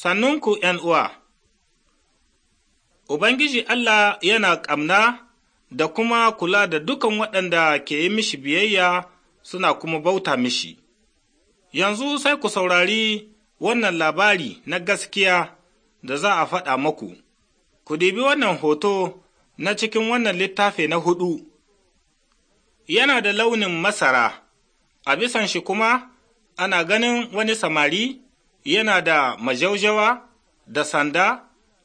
Sannunku uwa, Ubangiji Allah yana ƙamna da kuma kula da dukan waɗanda ke yi mishi biyayya suna kuma bauta mishi. Yanzu sai ku saurari wannan labari na gaskiya da za a faɗa maku. Ku dibi wannan hoto na cikin wannan littafi na hudu. Yana da launin masara, a bisan shi kuma ana ganin wani samari yana da majaujawa da sanda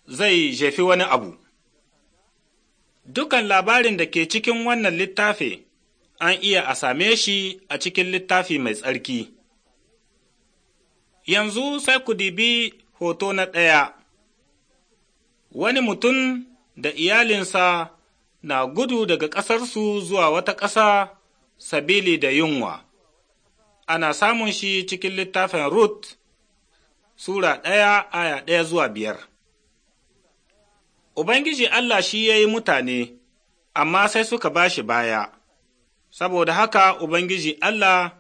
zai jefi wani abu. Dukan labarin da ke cikin wannan littafi an iya a same shi a cikin littafi mai tsarki. Yanzu sai ku dibi hoto na ɗaya, wani mutum da iyalinsa na gudu daga ƙasarsu zuwa wata ƙasa sabili da yunwa. Ana samun shi cikin littafin Ruth Sura ɗaya aya ɗaya zuwa biyar Ubangiji Allah shi ya yi mutane, amma sai suka ba shi baya, saboda haka Ubangiji Allah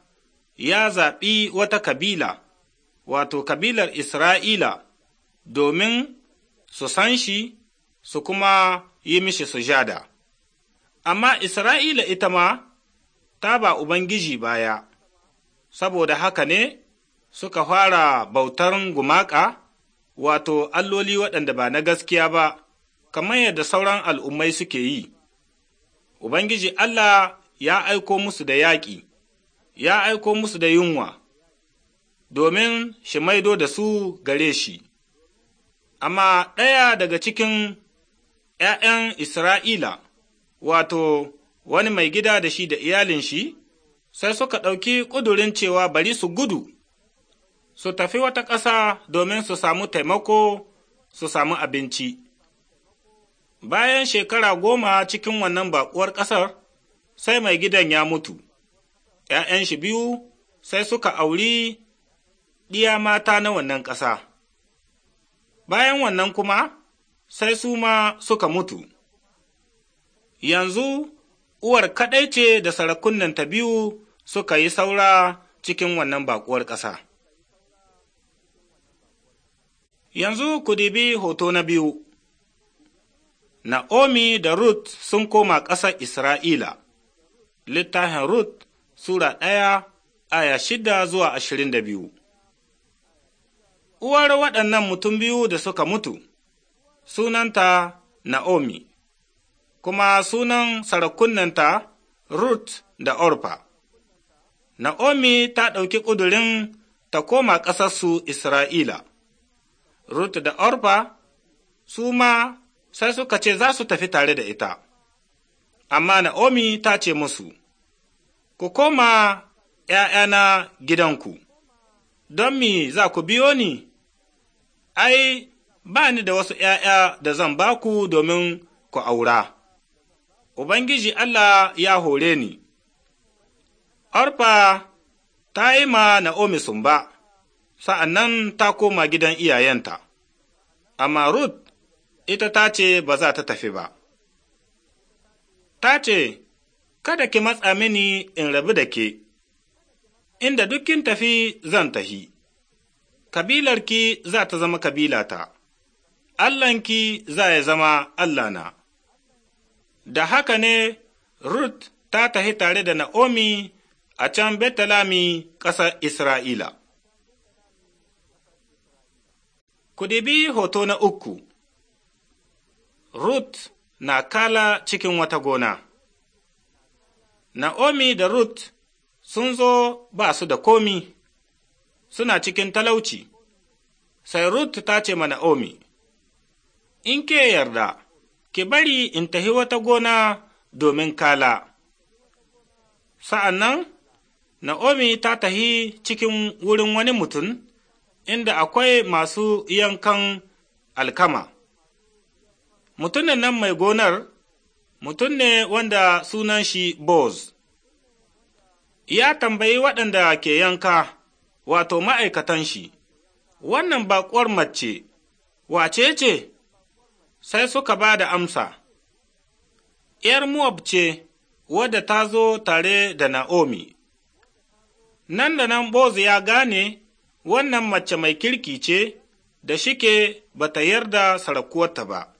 ya zaɓi wata kabila, wato kabilar Isra'ila, domin su san shi su kuma yi mishi sujada. Amma Isra'ila ita ma ta ba Ubangiji baya, saboda haka ne suka fara bautar gumaka, wato alloli waɗanda ba na gaskiya ba, kamar yadda sauran al'ummai suke yi. Ubangiji Allah ya aiko musu da yaƙi, ya aiko musu da yunwa, domin shi maido da su gare shi. Amma ɗaya daga cikin ’ya'yan Isra'ila, wato, wani mai gida da shi da iyalin shi, sai suka ɗauki ƙudurin cewa bari su gudu su tafi wata ƙasa domin su samu taimako su samu abinci. Bayan shekara goma cikin wannan baƙuwar ƙasar, sai mai gidan ya mutu, ’ya'yan shi biyu sai suka auri ɗiya mata na wannan ƙasa. Bayan wannan kuma, sai su ma suka mutu. Yanzu, uwar kaɗai ce da sarakunnanta biyu suka yi saura cikin wannan baƙuwar ƙasa. Yanzu ku dibi hoto na biyu. Na'omi da Ruth sun koma ƙasar Isra'ila. Littafin Ruth Sura ɗaya aya shida zuwa ashirin da biyu. Uwar waɗannan mutum biyu da suka mutu, sunanta Na'omi, kuma sunan sarakunanta Ruth da Orfa. Na'omi ta ɗauki ƙudurin ta koma ƙasarsu Isra'ila. Rut da Orfa su ma sai suka ce za su tafi tare da ita, amma Na'omi ta ce musu, Ku koma ’ya'yana gidanku, don mi za ku biyo ni, ai, ba ni da wasu ’ya'ya da zan ba ku domin ku aura, Ubangiji Allah ya hore ni, Orfa ta yi ma Na'omi sun ba sa'an nan ta koma gidan iyayenta, amma Ruth ita ta ce ba za ta tafi ba. Ta ce, Kada ki matsa mini in rabu da ke, inda dukkin tafi zan tahi, kabilarki za ta zama kabilata, Allahnki za ya zama Allahna. Da haka ne Ruth ta tahi tare da Na'omi a can Betalami ƙasar Isra'ila. Ku hoto na uku, Ruth na kala cikin wata gona. Na'omi da Ruth sun zo ba su da komi, suna cikin talauci, sai Ruth ta ce ma Na'omi, In ke yarda, ki bari in tahi wata gona domin kala. Sa'an nan, Na'omi ta tahi cikin wurin wani mutum inda akwai masu yankan alkama. Mutumin nan mai gonar mutum ne wanda sunan shi Boz. Ya tambayi waɗanda ke yanka, wato ma'aikatan shi, wannan baƙuwar mace, wace ce? Sai suka ba da amsa, ’yar Moab ce wadda ta zo tare da Na'omi. Nan da nan Boz ya gane wannan mace mai kirki ce da shike ba ta yarda sarakuwarta ba,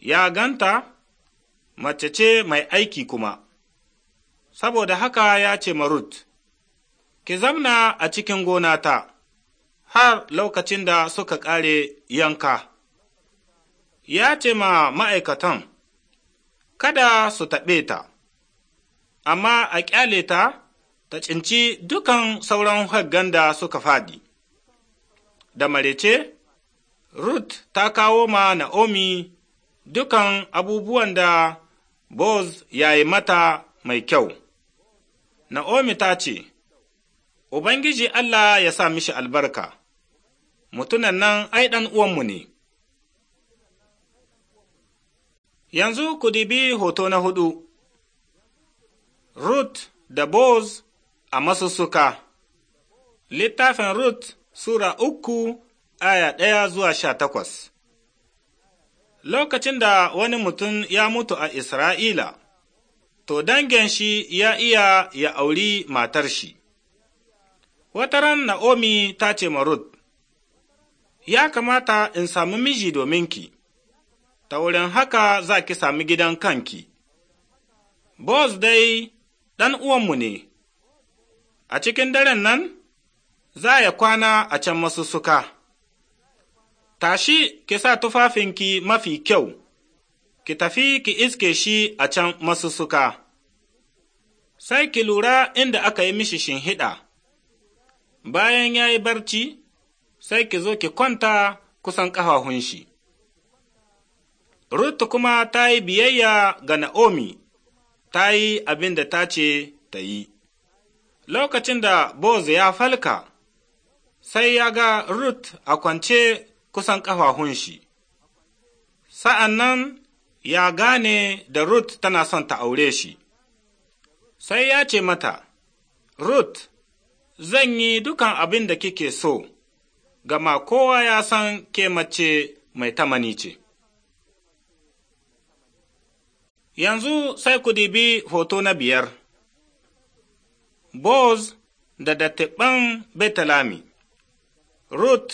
ya ganta mace ce mai aiki kuma, saboda haka ya ce marut, ki zamna a cikin gona ta, har lokacin da suka ƙare yanka. Ya ce ma ma'aikatan, kada su taɓe ta, amma a ƙyale ta ta cinci dukan sauran haggan da suka faɗi. Da marece, Ruth ta kawo ma Na'omi dukan abubuwan da Boz ya yi mata mai kyau. Na'omi ta ce, Ubangiji Allah ya sa mishi albarka, mutunan nan ai ɗan uwanmu ne. Yanzu ku dibi hoto na hudu, Ruth da Boz a masussuka. Littafin Rut Sura uku aya ɗaya zuwa sha takwas Lokacin da wani mutum ya mutu a Isra'ila, to dangin shi ya iya ya auri matar shi. Wata ran Na'omi ta ce ma Rut, Ya kamata in sami miji dominki, ta wurin haka za ki sami gidan kanki. Boz dai ɗan uwanmu ne. a cikin daren nan za ya kwana a can masussuka. Tashi ki sa tufafinki mafi kyau, ki tafi ki iske shi a can masussuka. Sai ki lura inda aka yi mishi shinhiɗa, bayan ya yi barci, sai ki zo ki kwanta kusan ƙafafun shi. Rutu kuma ta yi biyayya ga Na'omi, ta yi abin da ta ce ta yi. Lokacin da Boz ya falka, sai ya ga rut a kwance kusan ƙafafun shi. Sa'an nan ya gane da rut tana son ta aure shi. Sai ya ce mata, rut zan yi dukan abin da kike so, gama kowa ya san ke mace mai tamani ce. Yanzu sai ku dibi hoto na biyar. Boz da dattiban Betalami Rut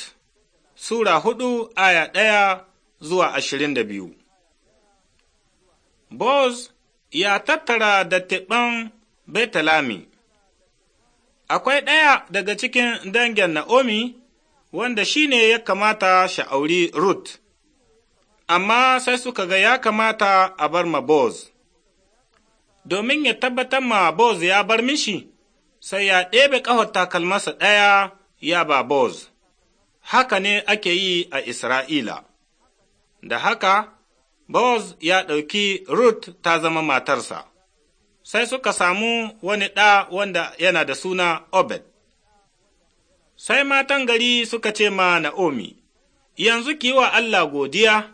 Sura hudu aya ɗaya zuwa ashirin da biyu Boz ya tattara dattiban Betalami Akwai ɗaya daga cikin dangin Na'omi wanda shi ne ya kamata sha'auri Rut, amma sai suka ga ya kamata a bar ma Boz. domin ya tabbatar ma Boz ya bar mishi, sai ya ɗebe ƙahon takalmasa ɗaya ya ba Boz. Haka ne ake yi a Isra'ila. Da haka, Boz ya ɗauki Ruth ta zama matarsa. Sai suka samu wani ɗa wanda yana da suna Obed. Sai matan gari suka ce ma Na'omi, Yanzu ki wa Allah godiya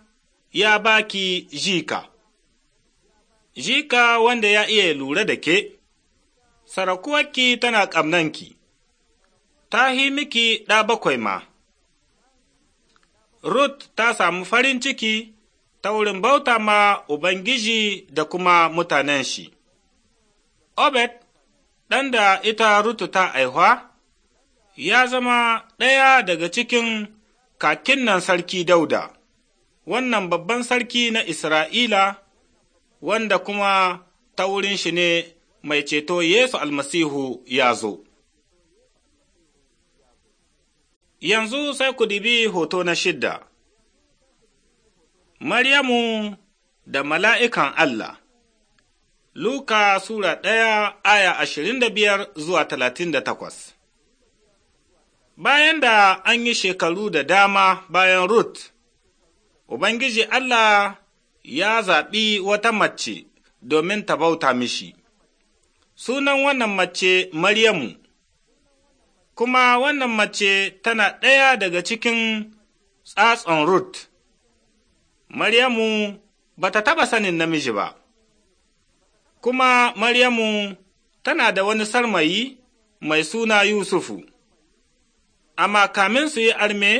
ya baki jika. Jika wanda ya iya lura da ke, sarakuwarki tana ƙamnanki, ta hi miki ɗa bakwai ma. Ruth ta samu farin ciki ta wurin bauta ma Ubangiji da kuma mutanen shi. Obed, ɗan da ita Ruth ta aihwa, ya zama ɗaya daga cikin kakin nan sarki Dauda, wannan babban sarki na Isra'ila, wanda kuma ta wurin shi ne mai ceto Yesu almasihu ya zo. Yanzu sai ku dibi hoto na shidda. Maryamu da mala'ikan Allah Luka Sura ɗaya aya ashirin da biyar zuwa talatin da takwas Bayan da an yi shekaru da dama bayan Rut, Ubangiji Allah ya zaɓi wata mace domin ta bauta mishi. Sunan wannan mace Maryamu, kuma wannan mace tana ɗaya daga cikin tsatson Rut. Maryamu ba ta taɓa sanin namiji ba, kuma Maryamu tana da wani sarmayi mai suna Yusufu, amma kamin su yi arme,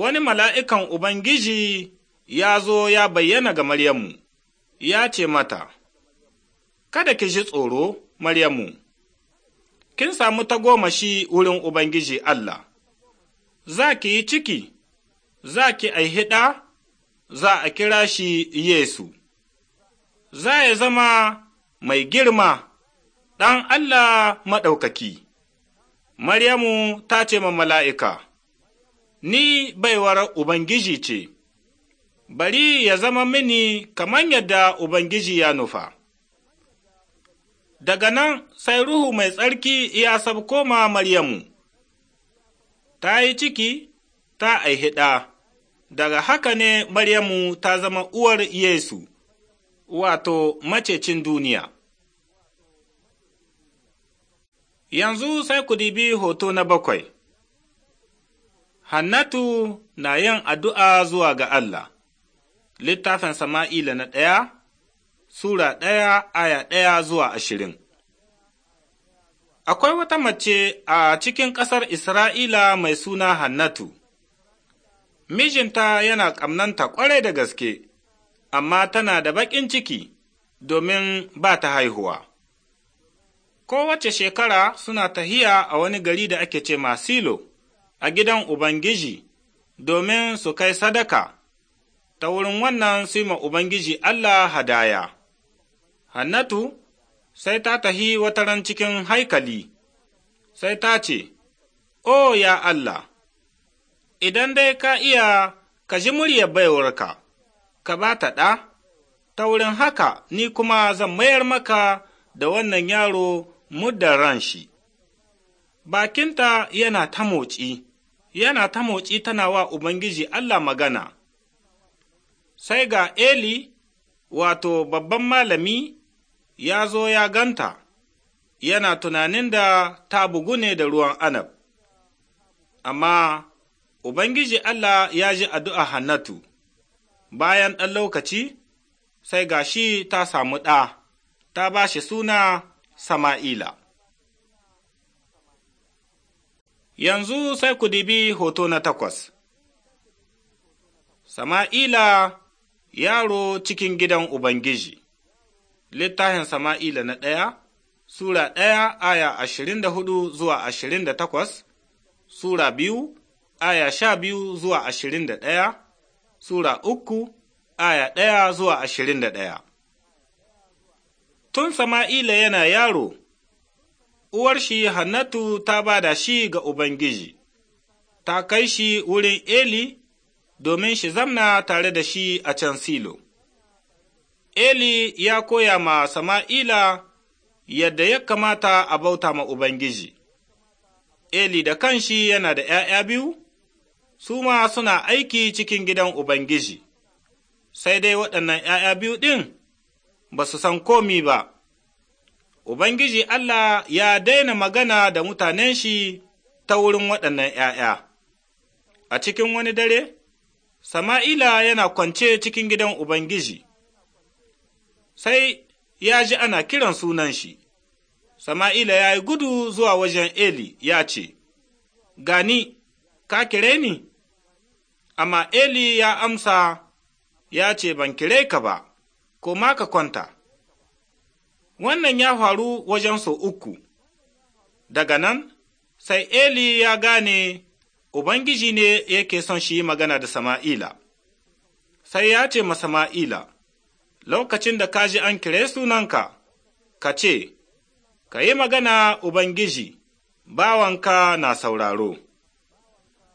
wani mala'ikan Ubangiji ya zo ya bayyana ga Maryamu, ya ce mata, Kada ki ji tsoro, Maryamu, kin samu ta tagomashi wurin Ubangiji Allah, za ki yi ciki, za ki aihiɗa, za a kira shi Yesu, za ya zama mai girma ɗan Allah maɗaukaki. Maryamu ta ce ma mala'ika, Ni baiwar Ubangiji ce, bari ya zama mini kamar yadda Ubangiji ya nufa. Daga nan sai Ruhu mai tsarki ya sabko ma Maryamu, ta yi ciki, ta aihi ɗa, daga haka ne Maryamu ta zama uwar Yesu, wato macecin duniya. Yanzu sai ku dibi hoto na bakwai. Hannatu na yin addu'a zuwa ga Allah, littafin Sama'ila na ɗaya, Sura ɗaya aya ɗaya zuwa ashirin Akwai wata mace a cikin ƙasar Isra'ila mai suna Hannatu, mijinta yana ƙamnanta ƙwarai da gaske, amma tana da baƙin ciki domin ba ta haihuwa. Kowace shekara suna tahiya a wani gari da ake ce Masilo a gidan Ubangiji domin su kai sadaka, ta wurin wannan su yi ma Ubangiji Allah hadaya. Hannatu sai ta tahi wata ran cikin haikali, sai ta ce, O ya Allah, idan dai ka iya ka ji muryar baiwarka, ka ba ta ɗa, ta wurin haka ni kuma zan mayar maka da wannan yaro muddan ran shi. Bakinta yana ta motsi, yana ta motsi tana wa Ubangiji Allah magana. Sai ga Eli, wato babban malami ya zo ya ganta, yana tunanin da ta bugu ne da ruwan anab. Amma Ubangiji Allah ya ji addu'a Hannatu, bayan ɗan lokaci, sai gashi ta samu ɗa, ta ba shi suna Sama'ila. Yanzu sai ku dibi hoto na takwas. Sama'ila yaro cikin gidan Ubangiji. littafin Sama'ila na ɗaya, Sura ɗaya aya ashirin da hudu zuwa ashirin da takwas, Sura biyu aya sha biyu zuwa ashirin da ɗaya, Sura uku aya ɗaya zuwa ashirin da ɗaya. Tun Sama'ila yana yaro, uwar shi Hannatu ta ba da shi ga Ubangiji, ta kai shi wurin Eli domin shi zamna tare da shi a can silo. Eli ya koya ma Sama'ila yadda ya kamata a bauta ma Ubangiji. Eli da kanshi yana da ’ya'ya biyu, su ma suna aiki cikin gidan Ubangiji, sai dai waɗannan ’ya'ya biyu ɗin ba su san komi ba. Ubangiji Allah ya daina magana da mutanen shi ta wurin waɗannan ’ya'ya. A cikin wani dare, Sama'ila yana kwance cikin gidan Ubangiji. sai ya ji ana kiran sunan shi. Sama'ila ya yi gudu zuwa wajen Eli ya ce, Gani, ka kire ni? Amma Eli ya amsa ya ce, Ban kire ka ba, ko ma ka kwanta. Wannan ya faru wajen sau uku, daga nan sai Eli ya gane Ubangiji ne yake son shi magana da Sama'ila, sai ya ce ma Sama'ila, lokacin da ka ji an kire sunanka, ka ce, Ka yi magana Ubangiji, bawanka na sauraro.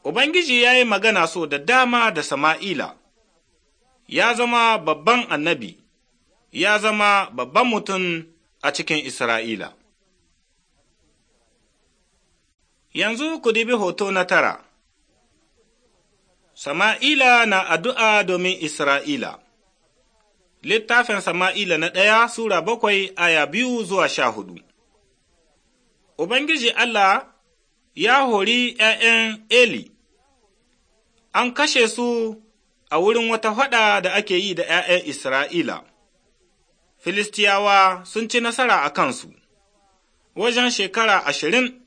Ubangiji ya yi magana so da dama da Sama'ila, ya zama babban annabi, ya zama babban mutum a cikin Isra'ila. Yanzu ku dibi hoto na tara, Sama'ila na addu'a domin Isra'ila. Littafin Sama'ila na ɗaya Sura bakwai aya biyu zuwa sha hudu Ubangiji Allah ya hori ’ya'yan Eli, an kashe su a wurin wata faɗa da ake yi da ’ya'yan Isra'ila. Filistiyawa sun ci nasara a kansu, wajen shekara ashirin,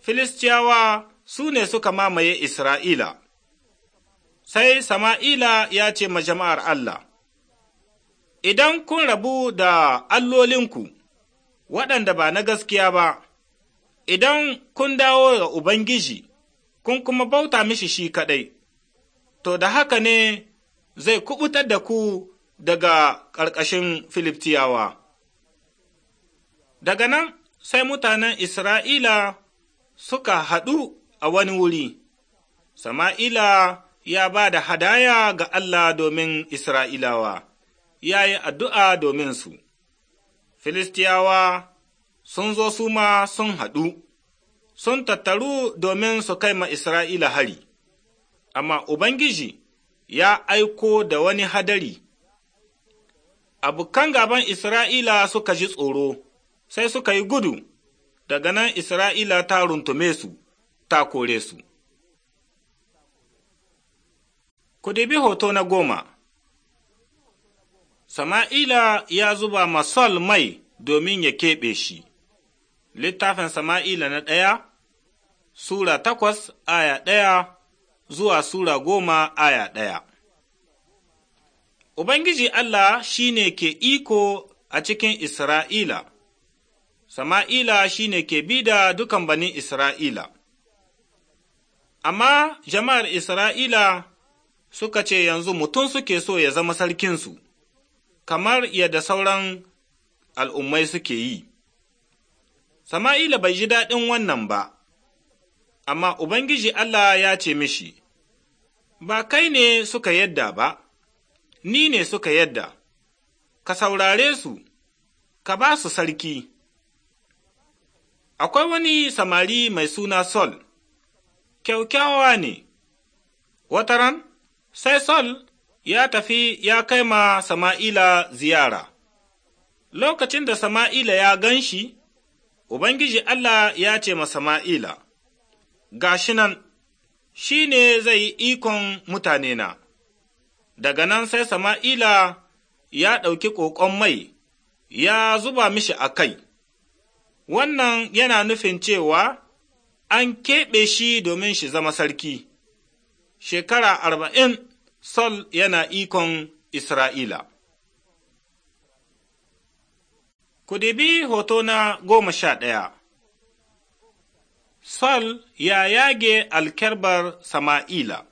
Filistiyawa su ne suka mamaye Isra'ila. Sai Sama'ila ya ce ma jama'ar Allah, Idan kun rabu da allolinku, waɗanda ba na gaskiya ba, idan kun dawo ga Ubangiji, kun kuma bauta mishi shi kaɗai, to da haka ne zai kubutar da ku daga ƙarƙashin Filiftiyawa. Daga nan sai mutanen Isra'ila suka haɗu a wani wuri, Sama'ila ya ba da hadaya ga Allah domin Isra'ilawa. ya yi addu'a domin su. Filistiyawa sun zo su ma sun haɗu, sun tattaru domin su kai ma Isra'ila hari, amma Ubangiji ya aiko da wani hadari. Abokan gaban Isra'ila suka ji tsoro, sai suka yi gudu, daga nan Isra'ila ta runtume su, ta kore su. Ku dibi hoto na goma. Sama'ila ya zuba masol mai domin ya keɓe shi. Littafin Sama'ila na ɗaya, Sura takwas aya ɗaya zuwa Sura goma aya ɗaya. Ubangiji Allah shi ne ke iko a cikin Isra'ila, Sama'ila shi ne ke bi da dukan banin Isra'ila. Amma jama'ar Isra'ila suka ce yanzu mutum suke so ya zama sarkinsu. kamar yadda sauran al'ummai suke yi. Sama'ila bai ji daɗin wannan ba, amma Ubangiji Allah ya ce mishi, Ba kai ne suka yadda ba, ni ne suka yadda, ka saurare su, ka ba su sarki. Akwai wani samari mai suna Sol, kyaukyawa ne, wataran sai Sol ya tafi ya kai ma Sama'ila ziyara. Lokacin da Sama'ila ya gan shi, Ubangiji Allah ya ce ma Sama'ila, Ga shi nan, shi ne zai yi ikon mutanena. Daga nan sai Sama'ila ya ɗauki ƙoƙon mai, ya zuba mishi a kai. Wannan yana nufin cewa an keɓe shi domin shi zama sarki, shekara arba'in Sol yana ikon Isra'ila. Ku dibi hoto na goma sha ɗaya. Sol ya yage alkerbar Sama'ila.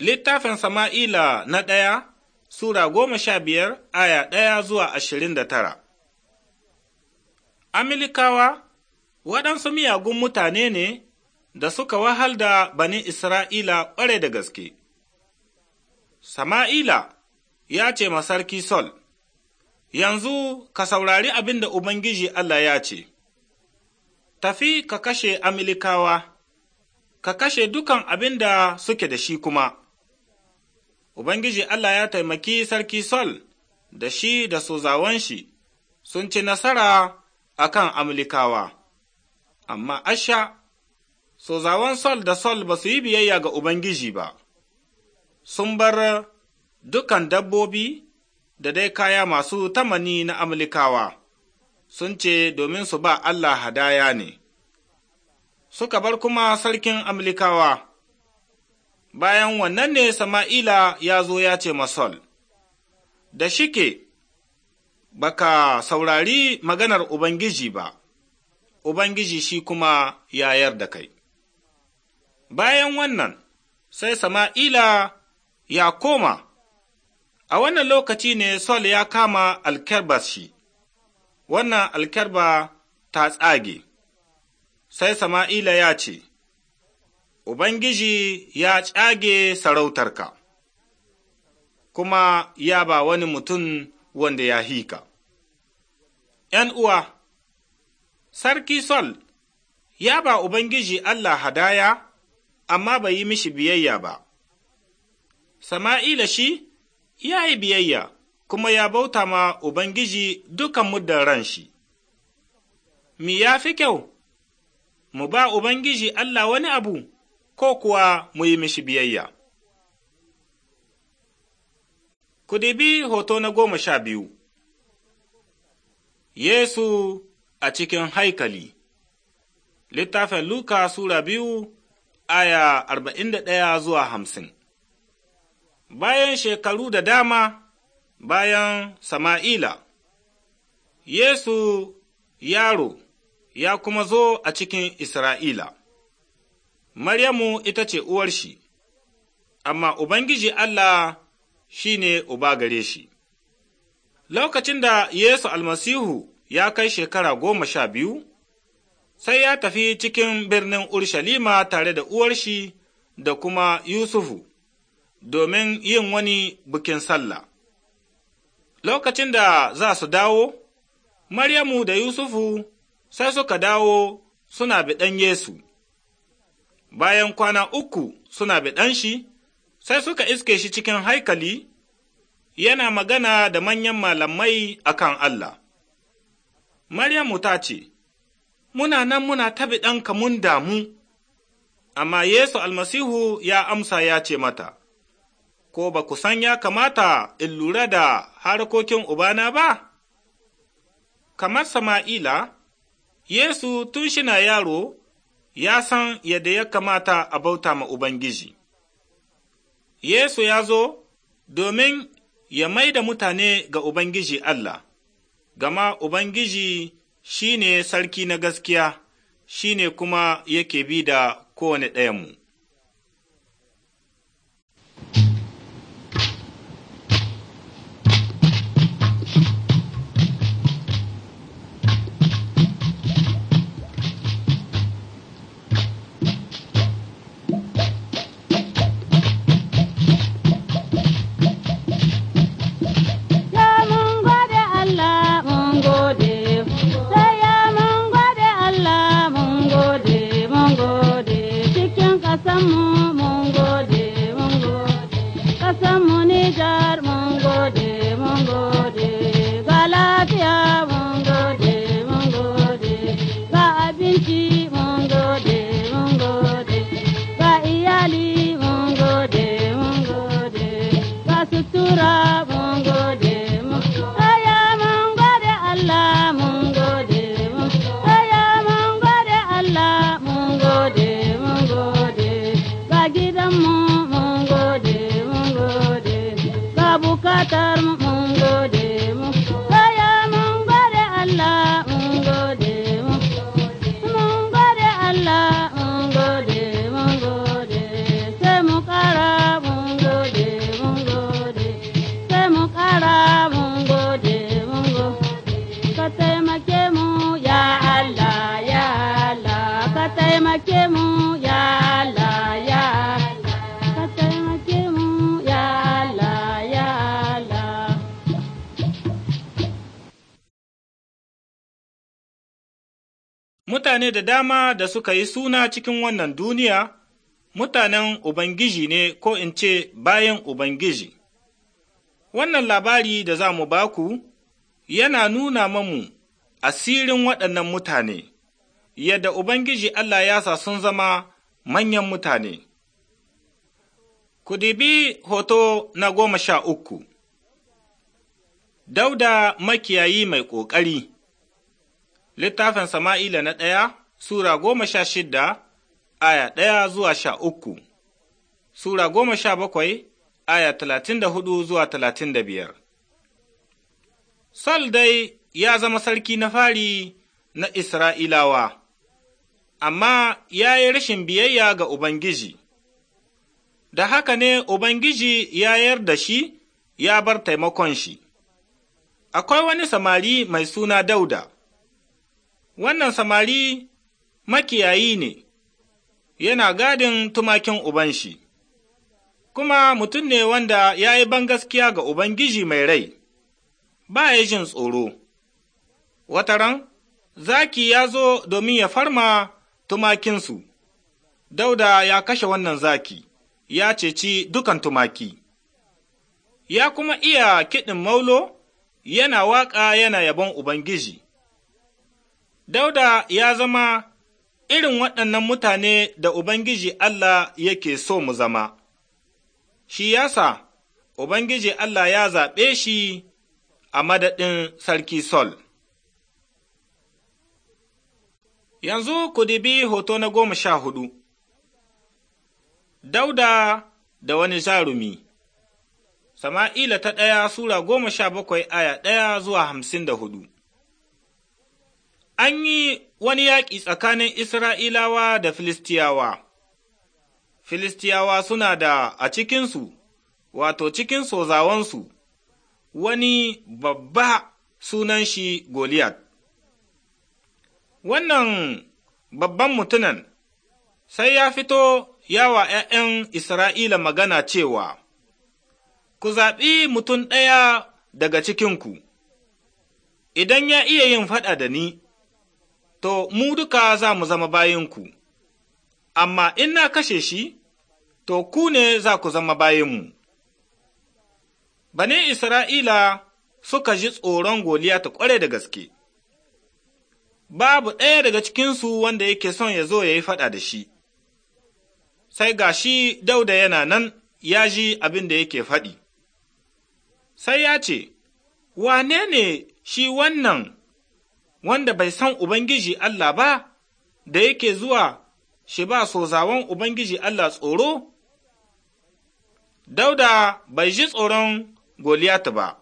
Littafin Sama'ila na ɗaya, Sura goma sha biyar, aya ɗaya zuwa ashirin da tara. Amilikawa waɗansu miyagun mutane ne da suka wahal da bani Isra'ila ƙware da gaske. Sama'ila ya ce ma sarki Sol, Yanzu ka saurari abin da Ubangiji Allah ya ce, Tafi ka kashe amilikawa ka kashe dukan abin da suke da shi kuma. Ubangiji Allah ya taimaki sarki Sol da shi da sozawan shi sun ci nasara a kan amilikawa amma Asha, sozawan Sol da Sol ba su yi biyayya ga Ubangiji ba. sun bar dukan dabbobi da dai kaya masu tamani na amalikawa sun ce domin su ba Allah hadaya ne. Suka bar kuma sarkin amalikawa. bayan wannan ne Sama'ila ya zo ya ce Masol, da shike baka saurari maganar Ubangiji ba, Ubangiji shi kuma ya yarda kai. Bayan wannan, sai Sama'ila ya koma, a wannan lokaci ne Sol ya kama alkerba shi, wannan alkerba ta tsage, sai Sama'ila ya ce, Ubangiji ya tsage sarautarka, kuma ya ba wani mutum wanda ya hika. ’Yan uwa, Sarki Sol ya ba Ubangiji Allah hadaya, amma bai yi mishi biyayya ba. Sama'ila shi ya yi biyayya kuma ya bauta ma Ubangiji dukan muddan ran shi. Mi ya fi kyau, mu ba Ubangiji Allah wani abu ko kuwa mu yi mishi biyayya. Ku bi hoto na goma sha biyu Yesu a cikin haikali Littafin Luka Sura biyu aya arba'in da ɗaya zuwa hamsin bayan shekaru da dama bayan Sama'ila, Yesu yaro ya kuma zo a cikin Isra'ila, Maryamu ita ce uwar shi, amma Ubangiji Allah shi ne uba gare shi. Lokacin da Yesu almasihu ya kai shekara goma sha biyu, sai ya tafi cikin birnin Urshalima tare da uwar shi da kuma Yusufu. domin yin wani bukin sallah. Lokacin da za su dawo, Maryamu da Yusufu sai suka dawo suna biɗan Yesu. Bayan kwana uku suna biɗan shi, sai suka iske shi cikin haikali, yana magana da manyan malamai a kan Allah. Maryamu ta ce, Muna nan muna ta biɗan mun damu, amma Yesu almasihu ya amsa ya ce mata, ko ba ku san ya kamata in lura da harkokin Ubana ba? Kamar Sama'ila, Yesu tun shina yaro ya san yadda ya kamata a bauta ma Ubangiji. Yesu ya zo domin ya mai da mutane ga Ubangiji Allah, gama Ubangiji shi ne sarki na gaskiya, shi ne kuma yake bi da kowane ɗayanmu. mu. Mutane da dama da suka yi suna cikin wannan duniya, mutanen Ubangiji ne ko in ce bayan Ubangiji. Wannan labari da za mu baku yana nuna mamu asirin waɗannan mutane, yadda Ubangiji Allah ya sa sun zama manyan mutane. Ku dibi hoto na goma sha uku Dauda makiyayi mai ƙoƙari Littafin Sama'ila na ɗaya, Sura goma sha shidda, aya ɗaya zuwa sha uku, Sura goma sha bakwai, aya talatin da hudu zuwa talatin da biyar. Sal dai ya zama sarki na fari na Isra'ilawa, amma ya yi rashin biyayya ga Ubangiji, da haka ne Ubangiji ya yar da shi ya bar taimakon shi. Akwai wani samari mai suna Dauda. wannan samari makiyayi ne, yana gadin tumakin Ubanshi, kuma mutum ne wanda ya yi bangaskiya ga Ubangiji mai rai, ba ya jin tsoro. Wataran, zaki ya zo domin ya farma tumakinsu, dauda ya kashe wannan zaki, ya ceci dukan tumaki. Ya kuma iya kiɗin maulo, yana waƙa yana yabon Ubangiji. Dauda ya zama irin waɗannan mutane da Ubangiji Allah yake so mu zama, shi ya sa Ubangiji Allah ya zaɓe shi a madadin Sarki Sol. Yanzu ku dibi hoto na goma sha hudu, Dauda da wani jarumi, Sama'ila ta ɗaya Sura goma sha bakwai aya ɗaya zuwa hamsin da hudu. an yi wani yaƙi tsakanin Isra'ilawa da Filistiyawa. Filistiyawa suna da a cikinsu, wato cikin sozawansu, wani babba sunan shi Goliath. Wannan babban mutunan sai ya fito yawa ’ya'yan Isra'ila magana cewa, Ku zaɓi mutum ɗaya daga cikinku, idan ya iya yin faɗa da ni, to mu duka za mu zama bayinku, amma in na kashe shi, to ku ne za ku zama bayinmu. Bane Isra'ila suka ji tsoron goliya ta kware da gaske, babu ɗaya daga cikinsu wanda yake son ya zo ya yi faɗa da shi, sai ga shi dauda yana nan ya ji abin da yake faɗi. Sai ya ce, Wane ne shi wannan wanda bai san Ubangiji Allah ba, da yake zuwa shi ba sozawan Ubangiji Allah tsoro? Dauda bai ji tsoron Goliyat ba,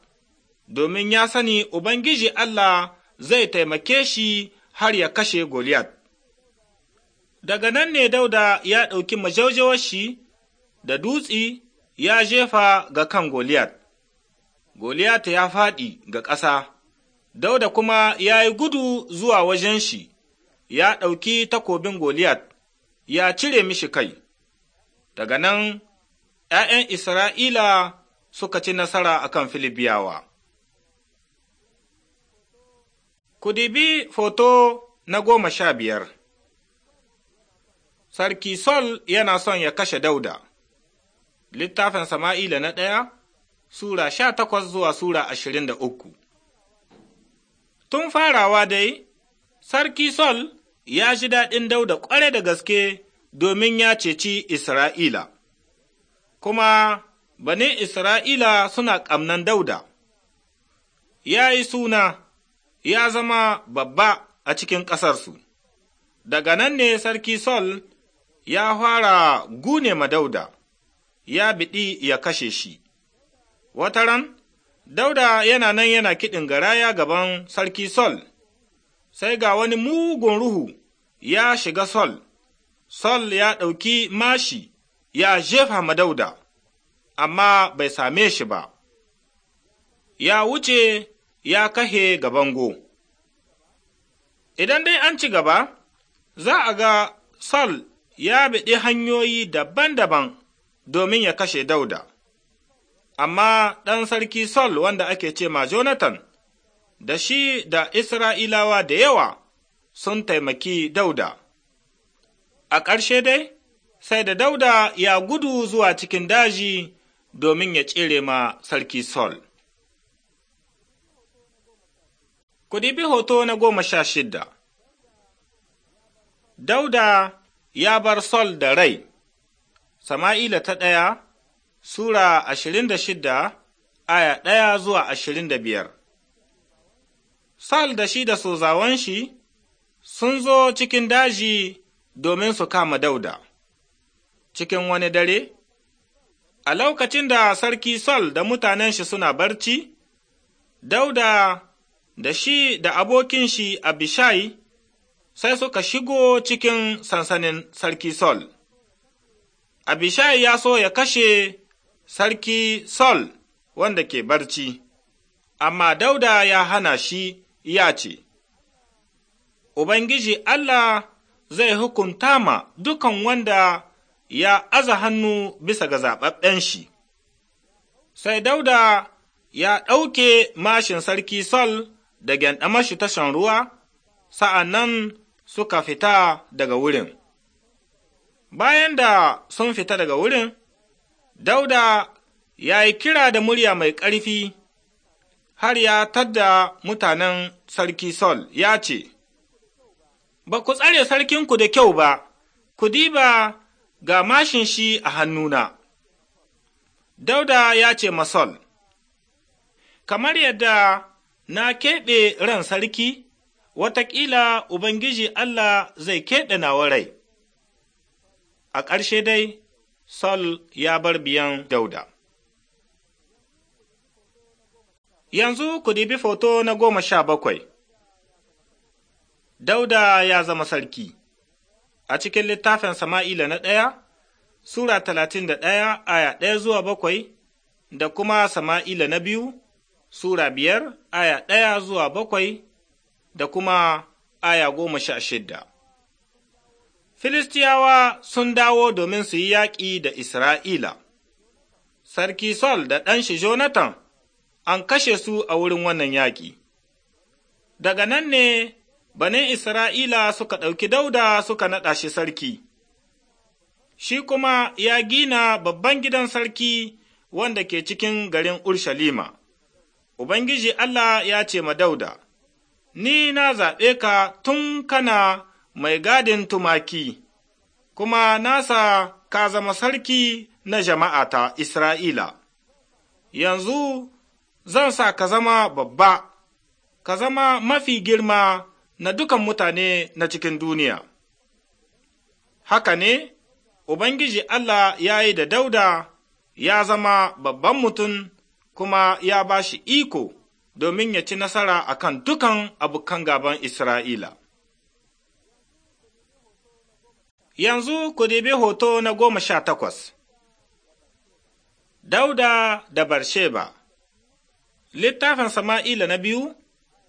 domin ya sani Ubangiji Allah zai taimake shi har ya kashe Goliyat. Daga nan ne Dauda ya ɗauki majaujawar shi da dutsi ya jefa ga kan Goliyat. Goliyat ya faɗi ga ƙasa, Dauda kuma ya yi gudu zuwa wajen shi, ya ɗauki takobin Goliyat, ya cire mishi kai. Daga nan, ’ya'yan Isra'ila suka ci nasara a kan Filibiyawa. Ku dibi foto na goma sha biyar. Sarki Sol yana son ya kashe Dauda. Littafin Sama'ila na ɗaya, Sura sha takwas zuwa Sura ashirin da uku. Tun farawa dai, Sarki Sol ya ji daɗin dauda ƙware da gaske domin ya ceci Isra'ila, kuma bane Isra'ila suna ƙamnan dauda, ya yi suna ya zama babba a cikin ƙasarsu. Daga nan ne Sarki Sol ya fara gune ma dauda, ya biɗi ya kashe shi. Wataran, Dauda yana nan yana kiɗin garaya gaban sarki Sol, sai ga wani mugun ruhu ya shiga Sol, Sol ya ɗauki mashi ya jefa ma Dauda, amma bai same shi ba, ya wuce ya kahe ga bango. Idan dai an ci gaba, za a ga Sol ya biɗi hanyoyi daban-daban domin ya kashe Dauda. amma ɗan sarki Saul wanda ake ce ma Jonathan, da shi da Isra'ilawa da yawa sun taimaki Dauda. A ƙarshe dai, sai da Dauda ya gudu zuwa cikin daji domin ya tsere ma sarki Saul. bi hoto na goma sha shidda Dauda ya bar Saul da rai, Sama'ila ta ɗaya Sura ashirin da shida aya ɗaya zuwa ashirin da biyar Sal da shi da sozawan shi sun zo cikin daji domin su kama dauda. Cikin wani dare, a lokacin da sarki Sal da mutanen shi suna barci, dauda da shi da abokin shi Abishai sai suka shigo cikin sansanin sarki Sol. Abishai ya so ya kashe sarki Sol wanda ke barci, amma Dauda ya hana shi ya ce, Ubangiji Allah zai hukunta ma dukan wanda ya aza hannu bisa ga zaɓaɓɓen shi. Sai Dauda ya ɗauke mashin sarki Sol da shi tashan ruwa, sa'an nan suka fita daga wurin. Bayan da sun fita daga wurin, Dauda ya yi kira da murya mai ƙarfi har ya tadda mutanen sarki Sol ya ce, Ba ku tsare sarkinku da kyau ba, ku diba ga mashin shi a hannuna. Dauda ya ce masol, Kamar yadda na keɓe ran sarki, wataƙila Ubangiji Allah zai keɓe nawa rai. A ƙarshe dai, Saul ya bar biyan Dauda. Yanzu ku dibi foto na goma sha bakwai. Dauda ya zama sarki. A cikin littafin Sama'ila na ɗaya, Sura talatin da ɗaya aya ɗaya zuwa bakwai, da kuma Sama'ila na biyu, Sura biyar aya ɗaya zuwa bakwai, da kuma aya goma sha shidda. Filistiyawa sun dawo domin su yi yaƙi da Isra'ila. Sarki Sol da ɗanshi Jonathan an kashe su a wurin wannan yaƙi. Daga nan ne banin Isra'ila suka ɗauki dauda suka naɗa shi sarki. Shi kuma ya gina babban gidan sarki wanda ke cikin garin Urshalima. Ubangiji Allah ya ce ma dauda, Ni na zaɓe ka tun kana mai gadin tumaki, kuma nasa ka zama sarki na jama'a ta Isra'ila. Yanzu zan sa ka zama babba, ka zama mafi girma na dukan mutane na cikin duniya. Haka ne, Ubangiji Allah ya yi da dauda ya zama babban mutum kuma ya ba shi iko domin ya ci nasara a akan dukan abokan gaban Isra'ila. Yanzu ku dibi hoto na goma sha takwas. Dauda da Barsheba Littafin Sama'ila na biyu,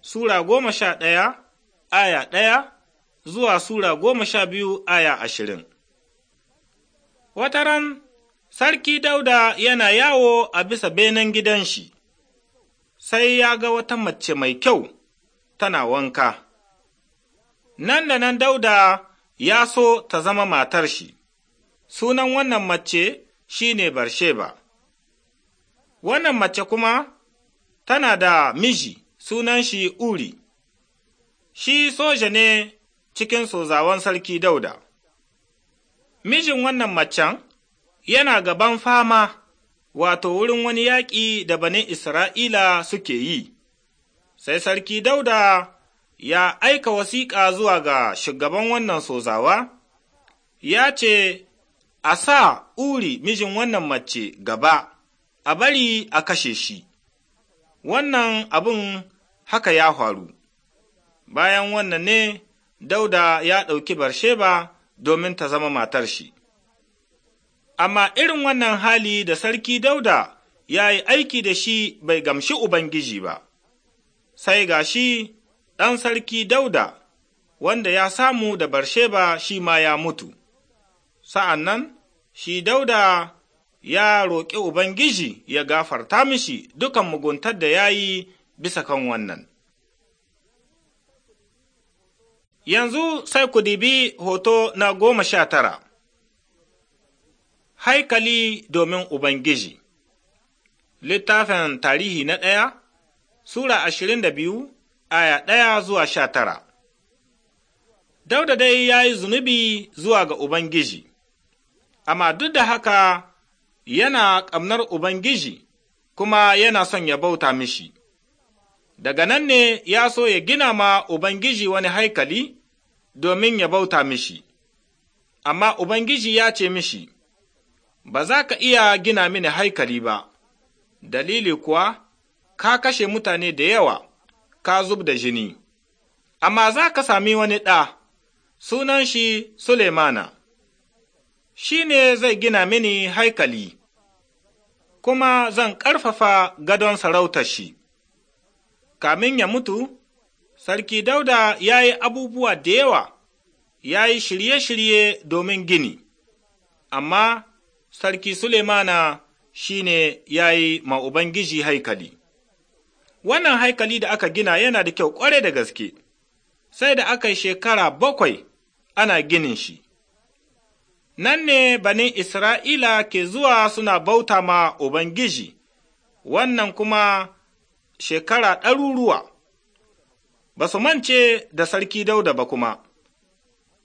Sura goma sha ɗaya, aya ɗaya, zuwa Sura goma sha biyu, aya ashirin. Wataran, Sarki Dauda yana yawo a bisa benen gidan shi, sai ya ga wata mace mai kyau tana wanka. Nan da nan Dauda ya so ta zama matar shi, sunan wannan mace shi ne Barsheba. Wannan mace kuma tana da miji sunan shi Uri, shi soja ne cikin sozawan sarki Dauda. Mijin wannan macen yana gaban fama wato wurin wani yaƙi da banin Isra'ila suke yi, sai sarki Dauda ya aika wasiƙa zuwa ga shugaban wannan sozawa, ya ce, A sa uri mijin wannan mace gaba, a bari a kashe shi, wannan abin haka ya faru. Bayan wannan ne, Dauda ya ɗauki Barsheba domin ta zama matar shi. Amma irin wannan hali da sarki Dauda ya yi aiki da shi bai gamshi Ubangiji ba, sai ga shi ɗan sarki Dauda, wanda ya samu da Barsheba shi ma ya mutu. Sa'an nan, shi Dauda ya roƙi Ubangiji ya gafarta mishi dukan muguntar da ya yi bisa kan wannan. Yanzu sai ku dibi hoto na goma sha tara, haikali domin Ubangiji, littafin tarihi na ɗaya, Sura ashirin da biyu aya ɗaya zuwa sha tara. Dauda dai ya yi zunubi zuwa ga Ubangiji, amma duk da haka yana ƙamnar Ubangiji kuma yana son ya bauta mishi. Daga nan ne ya so ya gina ma Ubangiji wani haikali domin ya bauta mishi, amma Ubangiji ya ce mishi, Ba za ka iya gina mini haikali ba, dalili kuwa ka kashe mutane da yawa. ka zub da jini, amma za ka sami wani ɗa, sunan shi Sulemana, shi ne zai gina mini haikali, kuma zan ƙarfafa gadon sarautar shi. Kamin ya mutu, Sarki Dauda ya yi abubuwa da yawa, ya yi shirye-shirye domin gini, amma Sarki Sulemana shi ne ya yi ma Ubangiji haikali. Wannan haikali da aka gina yana da kyau ƙware da gaske, sai da aka yi shekara bakwai ana ginin shi. Nan ne banin Isra'ila ke zuwa suna bauta ma Ubangiji, wannan kuma shekara ɗaruruwa. Ba su mance da sarki Dauda ba kuma,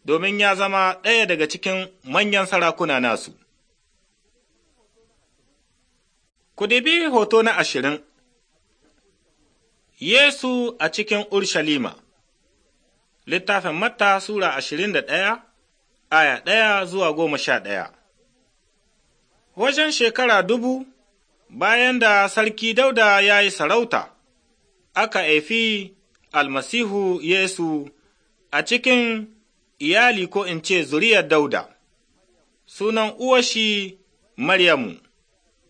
domin ya zama ɗaya daga cikin manyan sarakuna nasu. Ku dibi hoto na ashirin. Yesu a cikin Urshalima Littafin Matta Sura ashirin da ɗaya, aya ɗaya zuwa goma sha ɗaya. Wajen shekara dubu, bayan da Sarki Dauda ya yi sarauta, aka haifi almasihu Yesu a cikin iyali ko in ce zuriyar Dauda, sunan uwashi Maryamu,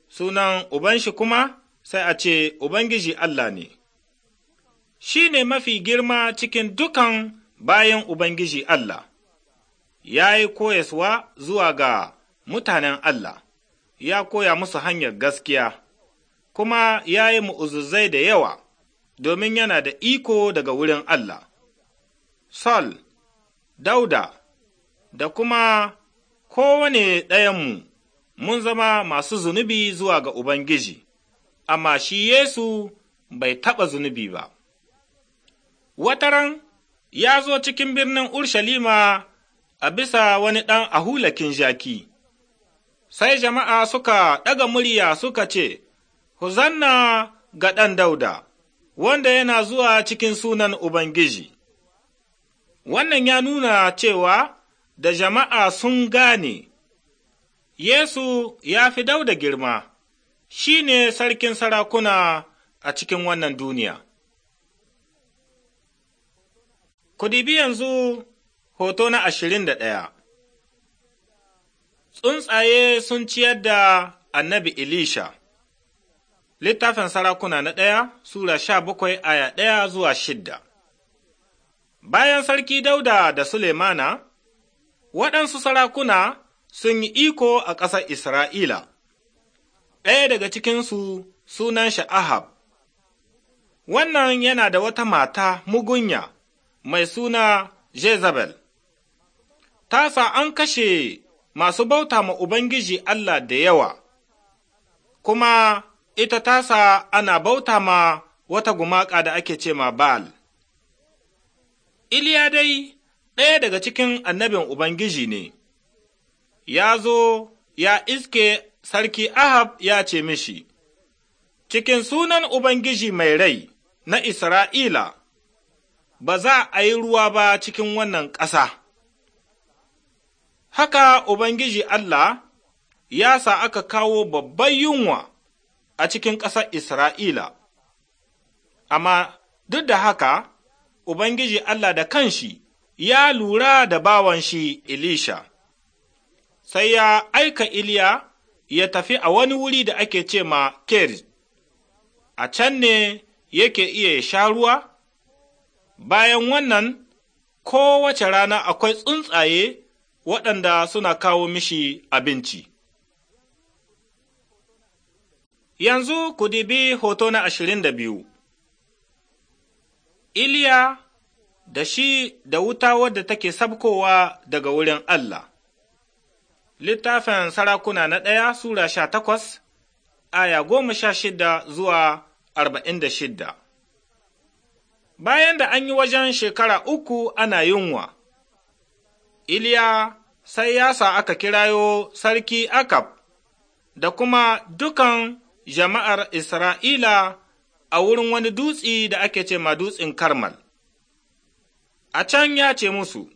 sunan ubanshi kuma sai a ce Ubangiji Allah ne. shi ne mafi girma cikin dukan bayan Ubangiji Allah, ya yi koyaswa zuwa ga mutanen Allah, ya koya musu hanyar gaskiya, kuma ya yi mu'uzuzai da yawa domin yana da iko daga wurin Allah. Sol, Dauda, da kuma kowane ɗayanmu mun zama masu zunubi zuwa ga Ubangiji, amma shi Yesu bai taɓa zunubi ba. wataran ya zo cikin birnin Urshalima a bisa wani ɗan ahulakin jaki. Sai jama'a suka ɗaga murya suka ce, Huzanna ga ɗan dauda, wanda yana zuwa cikin sunan Ubangiji. Wannan ya nuna cewa da jama'a sun gane, Yesu ya fi dauda girma, shi ne sarkin sarakuna a cikin wannan duniya. Ku dibi yanzu hoto na ashirin da ɗaya. Tsuntsaye sun ciyar da annabi Elisha. Littafin sarakuna na ɗaya, Sura sha bakwai aya ɗaya zuwa shidda. Bayan sarki Dauda da Sulemana, waɗansu sarakuna sun yi iko a ƙasar Isra'ila, ɗaya daga cikinsu sunan Sha’ahab. wannan yana da wata mata mugunya mai suna Jezebel, Tasa an kashe masu bauta ma Ubangiji Allah da yawa, kuma ita tasa ana bauta ma wata gumaka da ake ce ma Ba'al. Iliya dai ɗaya daga cikin annabin Ubangiji ne, ya zo ya iske sarki Ahab ya ce mishi, Cikin sunan Ubangiji mai rai na Isra'ila, ba za a yi ruwa ba cikin wannan ƙasa. Haka Ubangiji Allah ya sa aka kawo babban yunwa a cikin ƙasar Isra'ila, amma duk da haka Ubangiji Allah da kanshi ya lura da bawan shi Elisha, sai ya aika Iliya ya tafi a wani wuri da ake ce ma Kerj, a can ne yake iya ya sha ruwa Bayan wannan, kowace rana akwai tsuntsaye waɗanda suna kawo mishi abinci. Yanzu ku dibi hoto na ashirin da biyu. Iliya da shi da wuta wadda take sabkowa daga wurin Allah. Littafin sarakuna na ɗaya Sura sha takwas, aya goma sha shida zuwa arba'in da shidda. bayan da an yi wajen shekara uku ana yunwa. Iliya sai ya sa aka kirayo sarki Akab da kuma dukan jama'ar Isra'ila a wurin wani dutsi da ake ce ma dutsin Karmal. A can ya ce musu,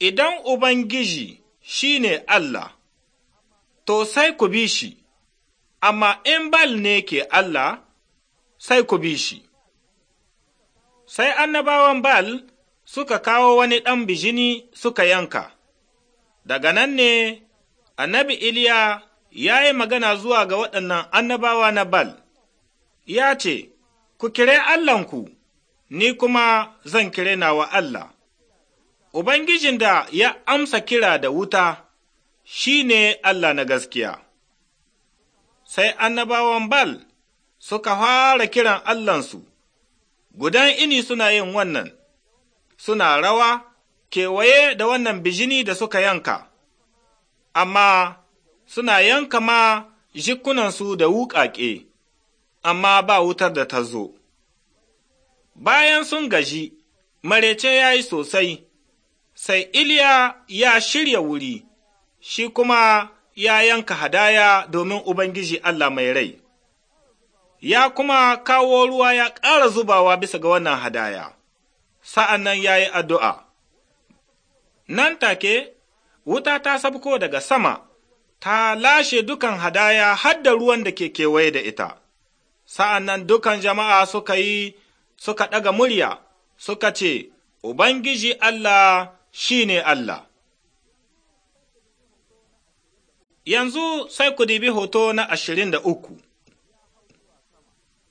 Idan Ubangiji shi ne Allah, to sai ku bi shi, amma in bal ne ke Allah, sai ku bi shi. sai annabawan Bal suka kawo wani ɗan bijini suka yanka. Daga nan ne, annabi Iliya ya yi magana zuwa ga waɗannan annabawa na Bal, ya ce, Ku kire Allahnku, ni kuma zan kire nawa Allah. Ubangijin da ya amsa kira da wuta shi ne Allah na gaskiya. Sai annabawan Bal suka fara kiran Allahnsu. gudan ini suna yin wannan, suna rawa kewaye da wannan bijini da suka yanka, amma suna yanka ma jikunansu da wuƙaƙe, amma ba wutar da ta zo. Bayan sun gaji, marece ya yi sosai, sai Iliya ya shirya wuri, shi kuma ya yanka hadaya domin Ubangiji Allah mai rai. ya kuma kawo ruwa ya ƙara zubawa bisa ga wannan hadaya, sa'an nan ya yi addu'a. Nan take, wuta ta sabko daga sama, ta lashe dukan hadaya har da ruwan da ke kewaye da ita, sa'an nan dukan jama'a suka yi suka ɗaga murya, suka ce, Ubangiji Allah shi ne Allah. Yanzu sai ku dibi hoto na ashirin da uku.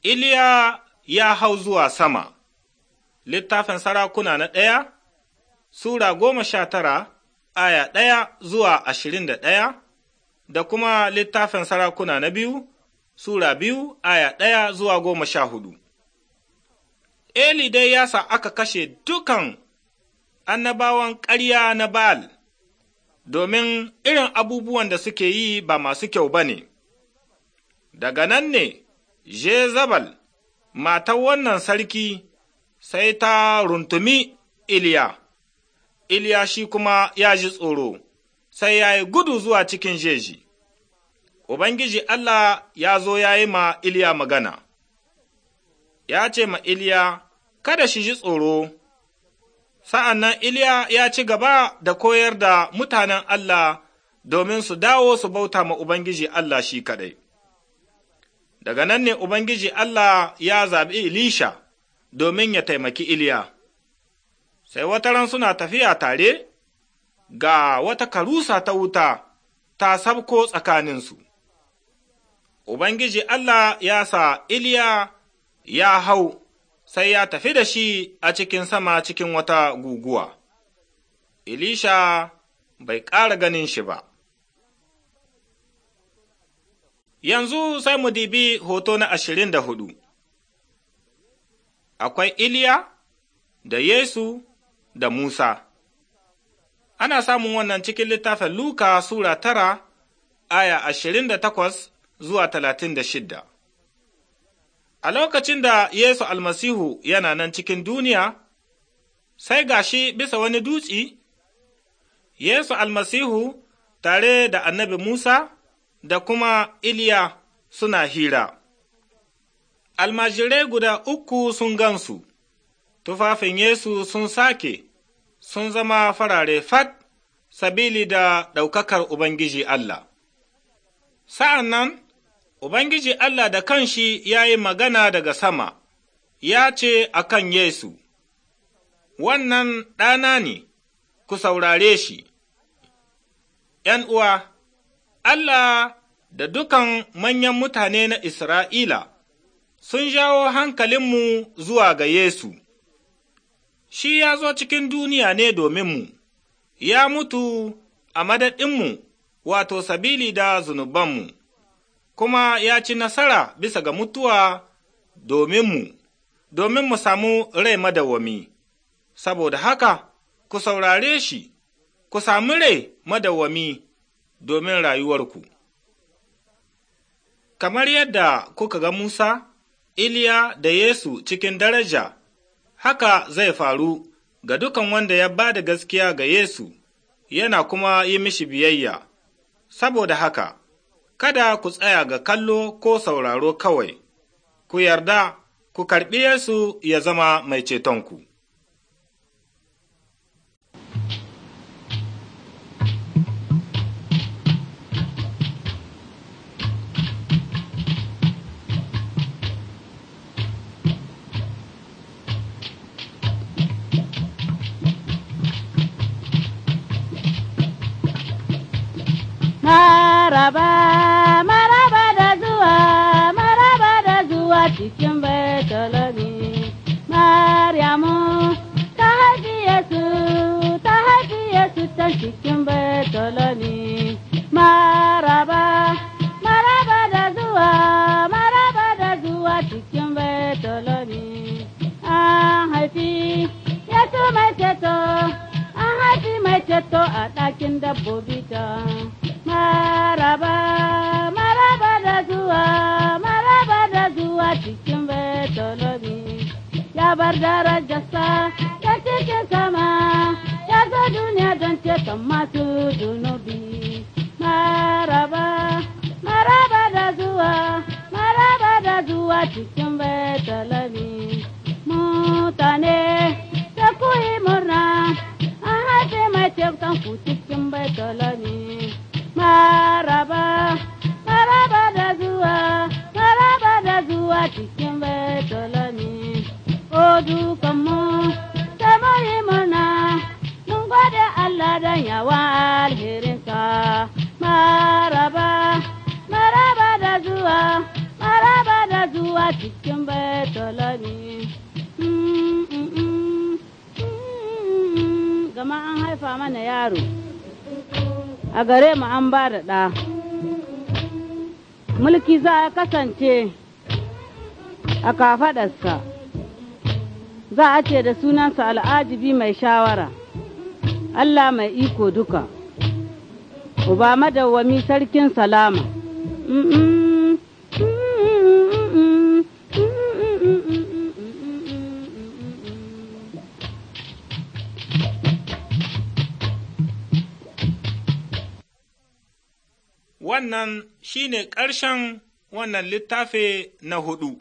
Iliya ya hau zuwa sama, littafin sarakuna na ɗaya, Sura goma sha tara, aya ɗaya zuwa ashirin da ɗaya, da kuma littafin sarakuna na biyu, Sura biyu, aya ɗaya zuwa goma sha hudu. Eli dai ya sa aka kashe dukan annabawan ƙarya na Ba'al, domin irin abubuwan da suke yi ba masu kyau ba ne. Daga nan ne, Jezebel, matan wannan sarki, sai ta runtumi Iliya, Iliya shi kuma ya ji tsoro, sai ya yi gudu zuwa cikin jeji. Ubangiji Allah ya zo ya yi ma Iliya magana, ya ce ma Iliya, Kada shi ji tsoro, sa'an nan Iliya ya ci gaba da koyar da mutanen Allah domin su dawo su bauta ma Ubangiji Allah shi kaɗai. Daga nan ne Ubangiji Allah ya zaɓi Elisha domin ya taimaki Iliya. Sai wata ran suna tafiya tare ga wata karusa ta wuta ta sabko tsakaninsu. Ubangiji Allah ya sa Iliya ya hau sai ya tafi da shi a cikin sama cikin wata guguwa. Ilisha bai ƙara ganin shi ba. Yanzu sai mu dibi hoto na ashirin da hudu. Akwai Iliya da Yesu da Musa. Ana samun wannan cikin littafin Luka Sura tara, aya ashirin da takwas zuwa talatin da shidda. A lokacin da Yesu almasihu yana nan cikin duniya, sai gashi bisa wani dutsi, Yesu almasihu tare da annabi Musa da kuma Iliya suna hira. Almajirai guda uku sun gansu, tufafin Yesu sun sake, sun zama farare fat, sabili da ɗaukakar Ubangiji Allah. Sa'an nan, Ubangiji Allah da kanshi ya yi magana daga sama, ya ce a kan Yesu, Wannan ɗana ne, ku saurare shi, ’yan uwa. Allah da dukan manyan mutane na Isra'ila sun jawo hankalinmu zuwa ga Yesu, shi ya zo cikin duniya ne mu. ya mutu a madadinmu wato sabili da zunubanmu, kuma ya ci nasara bisa ga mutuwa dominmu, domin mu samu rai madawwami. Saboda haka, ku saurare shi, ku sami rai madawwami. domin rayuwarku. Kamar yadda kuka ga Musa, Iliya da Yesu cikin daraja, haka zai faru ga dukan wanda ya ba da gaskiya ga Yesu, yana kuma yi mishi biyayya. Saboda haka, kada ku tsaya ga kallo ko sauraro kawai, ku yarda ku karɓi Yesu ya zama mai cetonku. baba maraba da zuwa maraba da zuwa cikin baitolomi maryamu ta haifi yesu ta haifi yesu ta cikin baitolomi maraba maraba da zuwa maraba da zuwa cikin baitolomi an haifi yesu mai ceto an haifi mai ceto a ɗakin dabbobi ta maraba maraba da maraba da zuwa cikin betolobi ya bar darajarsa ta cikin sama ya zo duniya don ceton masu maraba maraba da maraba da zuwa cikin betolobi mutane ta kuyi murna an haife mai ceton ku cikin betolobi a gare mu an ba da ɗa mulki za a kasance a kafaɗarsa za a ce da sunansa al'ajibi mai shawara allah mai iko duka uba madawwami sarkin salama mm -mm. Wannan shi ne ƙarshen wannan littafi na hudu.